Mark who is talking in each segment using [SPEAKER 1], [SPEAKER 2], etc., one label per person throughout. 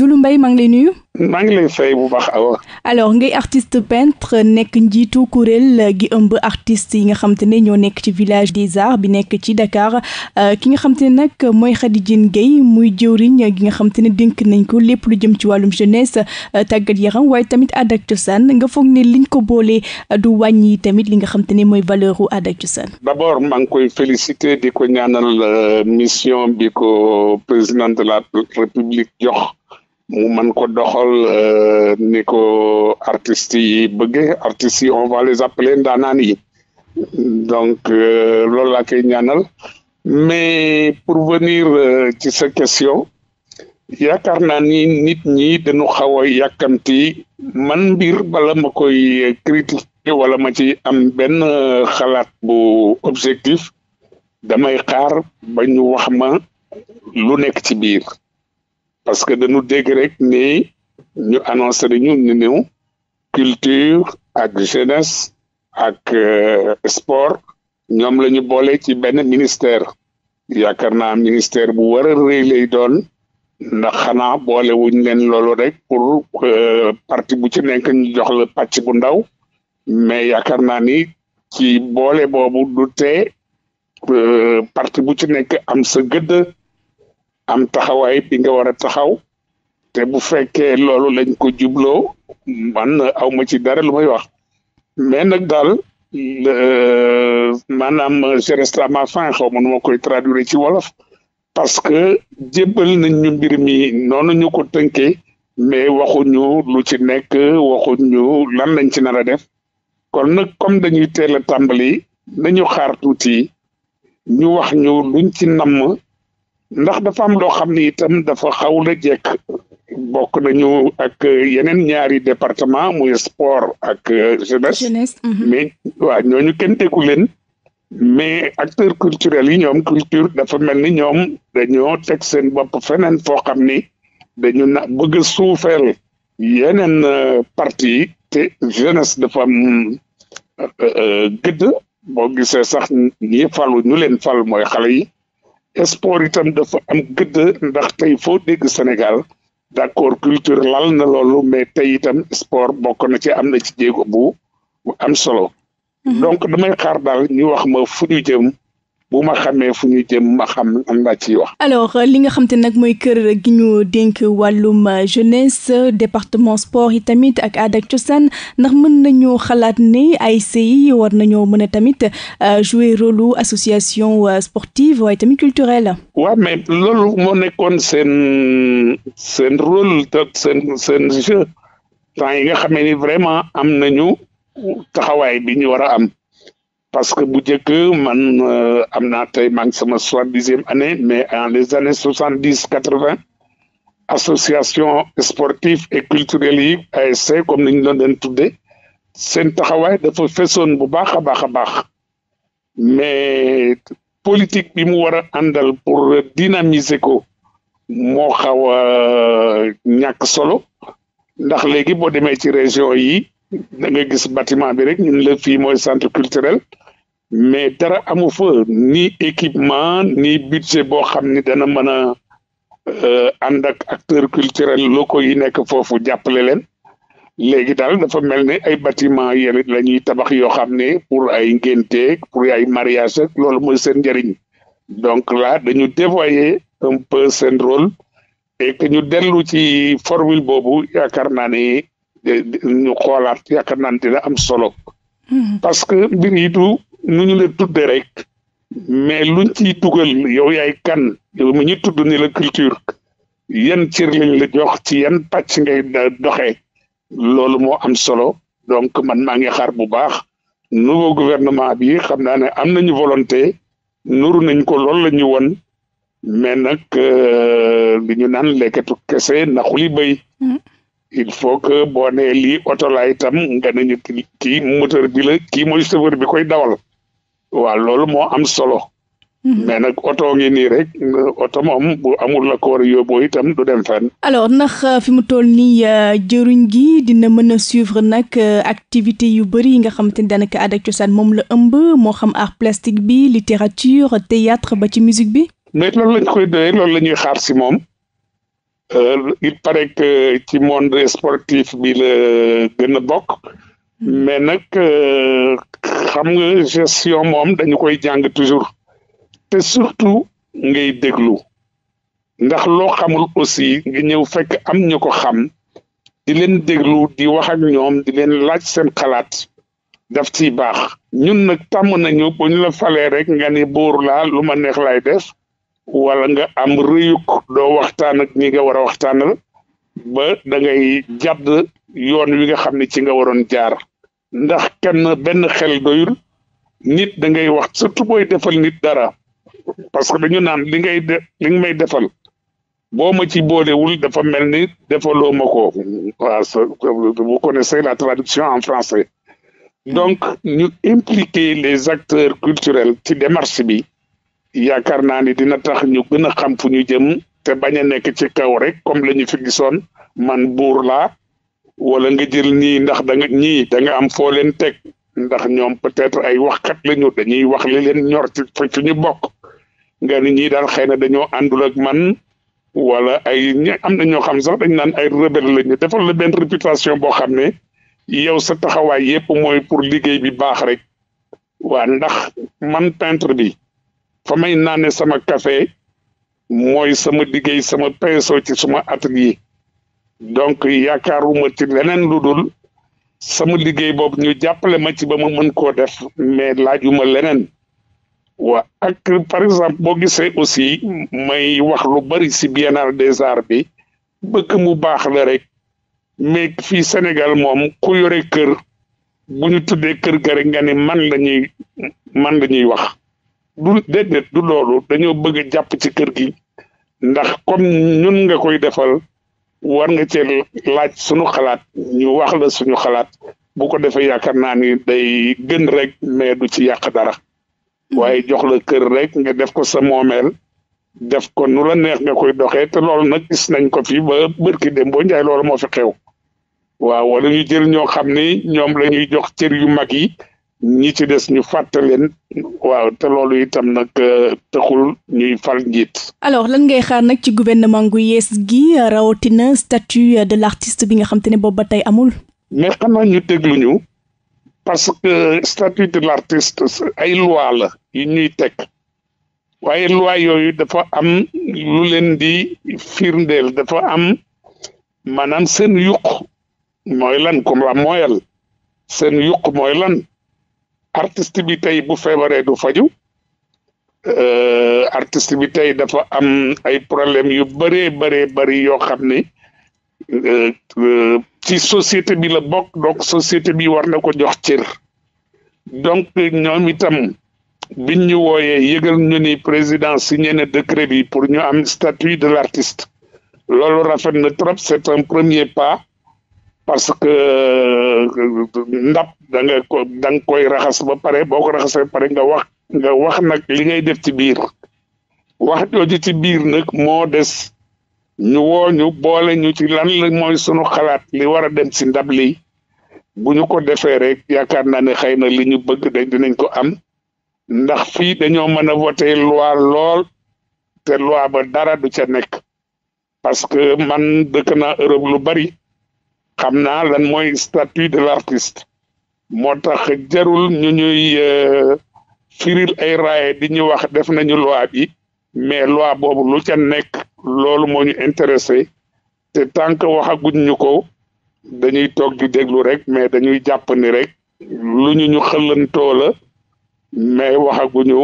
[SPEAKER 1] Zulu Mbaye maa ngi lay nuyu.
[SPEAKER 2] maa ngi lay fay bu baax awa.
[SPEAKER 1] alors ngay artiste peintre nekk njiitu kuréel euh, gi ëmb artiste yi nga xam ne ñoo nekk ci village des arts bi nekk ci dakaar euh, ki nga xam te ne nag mooy Khady Diène Gaye muy jëwriñ gi nga xam te ne dénk nañ ko lépp lu jëm ci wàllum jeunesse euh, tàggat yaram waaye tamit aada ak cosaan nga foog ne liñ ko boolee du wàññi tamit li nga xam te mooy valeuru u aada ak cosaan.
[SPEAKER 2] d'abord maa ngi koy féliciter di ko ñaanal mission bi ko mu mën ko doxal euh, ni ko artistes yi bëggee artistes yi on va les appeler yi donc euh, loolu laa koy ñaanal mais pour venir euh, ci sa question yaakaar naa ni nit ñi dañu xaw a yàkkamti man mbir bala ma koy critiquer wala ma ci am benn xalaat bu objectif damay xaar ba ñu wax ma lu nekk ci biir parce que dañu dégg rek ni ñu annoncé nañu ni ñu culture ak jeunesse ak euh, sport ñoom la ñu boole ci benn ministère yaakaar naa ministère bu war a rëy lay doon ndax xanaa boole wuñ leen loolu rek pour euh, parti bu ci nekk ñu jox la pàcc bu ndaw mais yaakaar naa ni ci boole boobu du tee euh, parti bu ci nekk am sa gëdd. am taxawaay bi nga war a taxaw te bu fekkee loolu lañ ko jubloo man aw ma ci dara lu may wax mais nag daal maanaam je reste à ma fin xaw ma nu ma koy traduire ci wolof parce que jébbal nañ ñu mbir mi noonu ñu ko tënkee mais ñu lu ci nekk ñu lan lañ ci nar a def kon nag comme dañuy teel tàmbali nañu xaar ñu wax ñu luñ ci namm ndax dafa am loo xam ni itam dafa xaw la jekk bokk nañu ak euh, yeneen ñaari département muy sport ak euh, jeunesse mhm. mais waaw ñooñu kenn déggu leen mais acteurs culturels yi ñoom culture dafa mel ni ñoom dañoo teg seen bopp feneen foo xam ni dañu na bëgg a suufeel yeneen euh, parti te jeunesse dafa am gëdd boo gisee sax ñi falu ñu leen fal mooy xale yi sport itam dafa am gëdd ndax tey foo dégg Sénégal d'accord culture lal na loolu mais tey itam sport bokk na ci am na ci jéego bu am solo mhm. donc damay xaar daal ñu wax ma fu ñu jëm bu ma xamee fu ñu jëm ma xam am na ciy
[SPEAKER 1] alors euh, li nga xam te nag mooy kër gi ñu dénk wàllum euh, jeunesse département sport yi tamit ak aada ak cosaan ndax mën nañoo xalaat ni ay yi war nañoo mën a tamit euh, jouer rôle association sportive waaye tamit culturelle.
[SPEAKER 2] waaw mais loolu moo nekkoon seen seen rôle seen seen jeu temps yi nga xamee ni vraiment am nañu taxawaay bi ñu war am. parce que bu njëkk man euh, am naa tey maa ngi sama soixante-dixième année mais en les années soixante-dix quatre-vingt association sportive et culturelle yi ASC comme ni ñu doon leen tuddee seen taxawaay dafa fesoon bu baax a baax a baax mais politique bi mu war a àndal pour dynamiser ko moo xaw a euh, ñàkk solo ndax léegi boo demee ci région yi da ngay gis batiment bi rek ñun la fii mooy centre culturel mais dara amu fa ni équipement ni budget boo xam ni dana mën a euh, ànd ak acteur culturel locaux yi nekk foofu jàppale leen léegi daal dafa mel ne ay bâtiment yenn la ñuy tabax yoo xam ne pour ay ngénteeg pour ay mariage lool loolu seen njëriñ donc la dañu dévoyer un peu seen rôle et que ñu dellu ci formule boobu yaakaar naa ne ñu xoolaat yaakaar naa dina am solo. Mm-hmm. parce que mbir yi du nu ñu tudde rek. mais luñ ciy dugal yow yaay kan yow mi ñu tudd ni culture yan cër lañ la jox ci yan pàcc ngay doxee loolu moo am solo donc man maa ngi xaar bu baax nouveau gouvernement bi xam naa ne am nañu volonté nuru nañ ko loolu la ñu won mais nag euh, li ñu naan lekkatu kese na xuli béy mm-hmm. il faut que boo nee lii oto la itam nga nañu kii moteur bi la kii mooy chauffeur bi koy dawal waaw loolu moo am solo mhm. mais nag oto ngi nii rek oto moom bu amul la ko war a yóbboo itam du dem fenn.
[SPEAKER 1] alors ndax euh, fi mu toll nii euh, jëriñ gi dina mën a suivre nag euh, activité yu bëri yi nga xam te ne daanaka aada cosaan moom la ëmb moo xam art plastique bi littérature théâtre ba ci musique bi.
[SPEAKER 2] mais loolu lañ koy doyee loolu la ñuy xaar si moom. Euh, il paraît que ci monde sportif bi la gën a bokk mais nag euh, xam nga gestion moom dañu koy jàng toujours te surtout ngay déglu ndax loo xamul aussi nga ñëw fekk am ñu ko xam di leen déglu di wax ak ñoom di leen laaj seen xalaat daf ciy baax ñun na tàmm nañu bu ñu la falee rek nga ni buur laa lu ma neex laay def wala nga am rëyuk doo waxtaan ak ñi nga war a waxtaanal ba da ngay jàdd yoon wi nga xam ne ci nga waroon jaar ndax kenn benn xel doyul nit da ngay wax surtout booy defal nit dara parce que dañu naan li ngay de li nga may defal boo ma ci boolewul dafa mel ni defaloo ma ko waaw vous connaissez la traduction en français mm. donc ñu impliquer les acteurs culturels ci démarche bi yaakaar naa ni dina tax ñu gën a xam fu ñu jëm te bañ a nekk ci kaw rek comme lañu ñu fi gisoon man buur laa wala nga jël ñii ndax da ñii da nga am foo leen teg ndax ñoom peut-être ay waxkat la ñu dañuy wax li leen ñor ci fi ñu bokk nga ni ñii daal xëy na dañoo àndul man wala ay ñe am na ñoo xam sax dañ naan ay rebelle la ñu defal la benn réputation boo xam ne yow sa taxawaay yëpp mooy pour liggéey bi baax rek waa ndax man peintre bi fa may naane sama kafe mooy sama liggéey sama pinceau ci suma at atelier donc yaakaaruma ci leneen lu dul sama liggéey boobu ñu jàppale ma ci ba ma mën koo def mais laajuma leneen waa ak par exemple boo gisee aussi may wax lu bari ci biennale de arts bi bëgg mu baax la rek mais fii Sénégal moom ku yore kër bu ñu tuddee kër ga nga ni man lañuy man la ñuy wax du déedéet du loolu dañoo bëgg jàpp ci kër gi ndax comme ñun nga koy defal war nga cee laaj suñu xalaat ñu wax la suñu xalaat bu ko defee yaakaar naa ni day gën rek mais du ci yàq dara mm-hmm. waaye jox la kër rek nga def ko sa moomeel def ko nu la neex nga koy doxee te loolu nag gis nañ ko fi ba bërki dem boo njaay lool moo fi xew waaw wala ñu jël ñoo xam ni ñoom lañuy jox cër yu mag yi ñi ci des ñu fàtte leen waaw te loolu itam nag euh, taxul ñuy fal njiit.
[SPEAKER 1] alors lan ngay xaar nag ci gouvernement gu yees gi rawatina statut de l' bi nga xam te ne boobu ba tey amul.
[SPEAKER 2] mais xanaa ñu déglu ñu parce que statut de l' ay loi la yu ñuy teg waaye loi yooyu dafa am lu leen di firndeel dafa am maanaam seen yuq mooy lan ko mooyal seen yuq mooy lan. artiste bi tey bu feebaree du faju euh, artiste bi tey dafa am ay problème yu bëree bëree bëri yoo xam ne euh, euh, ci société bi la bokk donc société bi war na ko jox cër donc ñoom itam biñ ñu wooyee yëgal ñu ni président signé na décret bi pour ñu am statut de l'artiste loolu rafet na trop c'est un premier pas parce que euh, ndab da nga ko da nga koy raxas ba pare boo ko raxasee ba pare nga wax nga wax nag li ngay def ci biir wax jooju ci biir nag moo des ñu woo ñu boole ñu ci lan la mooy sunu xalaat li war a dem si ndab li bu ñu ko defee rek yaakaar naa ne xëy na li ñu bëgg de dinañ ko am ndax fii dañoo mën a voté loi lool te loi ba dara du ca nekk parce que man dëkk naa lu bari xam naa lan mooy statut de l'artiste moo tax jarul ñu ñuy euh, firil ay raaye di ñu wax def nañu loi bi mais loi boobu lu ca nekk loolu moo ñu intéressé te tant que waxaguñ ñu ko dañuy toog di déglu rek mais dañuy jàpp ni rek lu ñu ñu xëlantoo la mais waxaguñu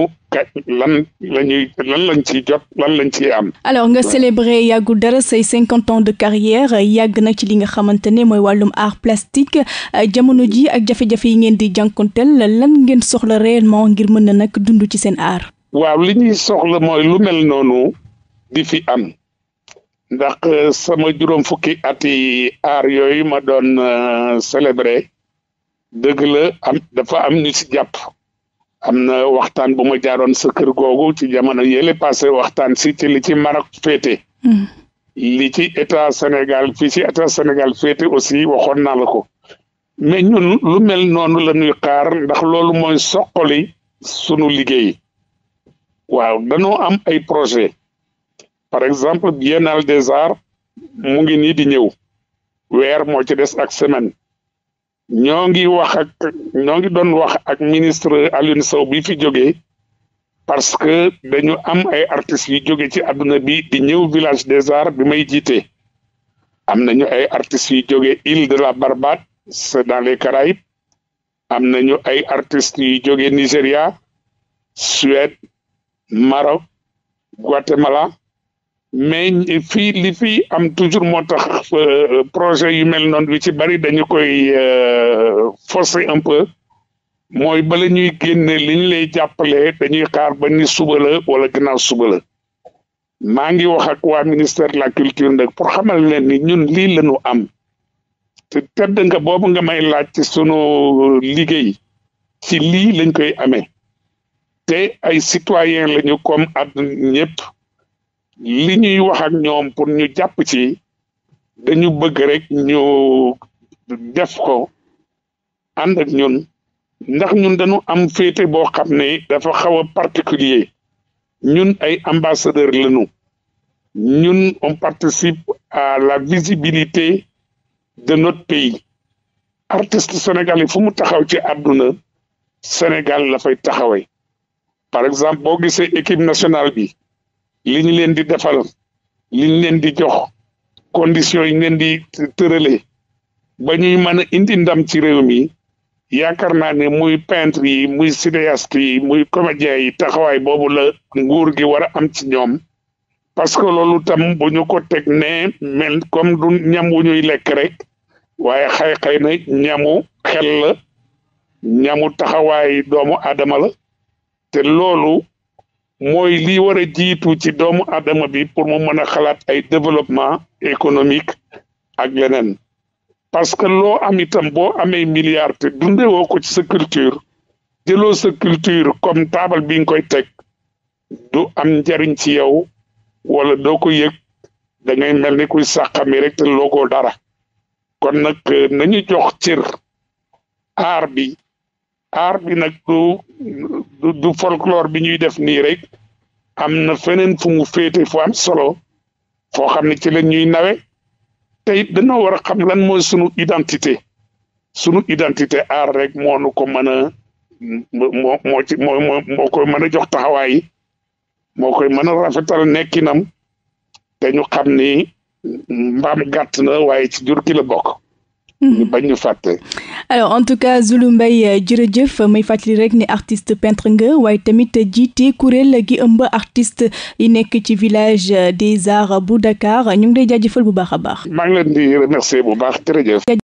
[SPEAKER 2] lan la ñuy lan lañ ci jot lan lañ ci am. alors nga célébré
[SPEAKER 1] yàggul dara say cinquante ans de carrière yàgg na ci li nga xamante ne mooy wàllum art plastique euh, jamono ji ak jafe-jafe yi ngeen di jànkonteel lan ngeen soxla réellement ngir mën na nag dund ci seen art.
[SPEAKER 2] waaw li ñuy soxla mooy lu mel noonu di fi am. ndax euh, sama juróom fukki ati aar yooyu ma doon euh, célébré dëgg la am dafa am ñu ci jàpp am na waxtaan bu ma jaaroon sa kër googu ci jamono yële passé waxtaan si ci li ci Maroc féete hmm. li ci état Sénégal fii ci état senegal féete aussi waxoon naa la ko mais ñun lu mel noonu la ñuy xaar ndax loolu mooy soqali sunu liggéey waaw dañoo am ay projet par exemple biennale de arts mu ngi nii di ñëw weer moo ci des ak semaine ñoo ngi wax ak ñoo ngi doon wax ak ministre Alioune Sow bi fi jógee parce que dañu am ay artistes yu jóge ci àdduna bi di ñëw village des arts bi may jiite am nañu ay artistes yu jóge île de la Barbade c'est dans les Caraïbes am nañu ay artistes yu jóge Nigéria Suède Maroc Guatemala mais fii li fii am toujours moo tax euh, projet yu mel noonu bi ci bari dañu koy euh, forcer un peu mooy bala ñuy génn li lay jàppale dañuy xaar ba ni suba la wala ginnaaw suba la maa ngi wax ak waa ministère de la culture nag pour xamal leen ni ñun lii la ñu am te tedd nga boobu nga may laaj ci sunu liggéey ci lii lañ koy amee te ay citoyen lañu comme àdduna ñëpp. li ñuy wax ak ñoom pour ñu jàpp ci dañu bëgg rek ñu def ko ànd ak ñun ndax ñun dañu am féete boo xam ne dafa xaw a particulier ñun ay ambassadeur lañu ñun on participe à la visibilité de notre pays artiste sénégalais fu mu taxaw ci àdduna Sénégal la fay taxawee par exemple boo gisee équipe nationale bi li ñu leen di defal liñ leen di jox condition yi ñu leen di tëralee ba ñuy mën a indi ndam ci réew mi yaakaar naa ni muy peintre yi muy cinéaste yi muy comédien yi taxawaay boobu la nguur gi war am ci ñoom parce que loolu tam bu ñu ko teg nee mel comme du ñam wu ñuy lekk rek waaye xay xay na ñamu xel la ñamu taxawaay doomu aadama la te loolu mooy li war a jiitu ci doomu adama bi pour mu mën a xalaat ay développement économique ak leneen parce que loo am itam boo amee milliard te dundewoo ko ci sa culture jëloo sa culture comme taabal bi nga koy teg du am njariñ ci yow wala doo ko yëg da ngay mel ni kuy sàqami rek te loogoo dara kon nag nañu jox cër aar bi art bi nag du du folklore bi ñuy def nii rek am na feneen fu mu féete fu am solo foo xam ne ci la ñuy nawe te it dañoo war a xam lan mooy sunu identité sunu identité art rek moo nu ko mën a moo moo ci moo moo koy mën a jox taxawaay moo koy mën a rafetal nekkinam te ñu xam ni mbaam gàtt na waaye ci jur ki la bokk. ñu bañ ñu fàtte.
[SPEAKER 1] alors en tout cas Zulu Mbaye euh, jërëjëf may fàttali rek ni artist pentre nga waaye tamit jiite kuréel gi ëmb artist yi nekk ci village euh, des arts bu Dakar ñu ngi lay jaajëfal bu baax a baax.
[SPEAKER 2] maa ngi leen remercier bu baax jërëjëf.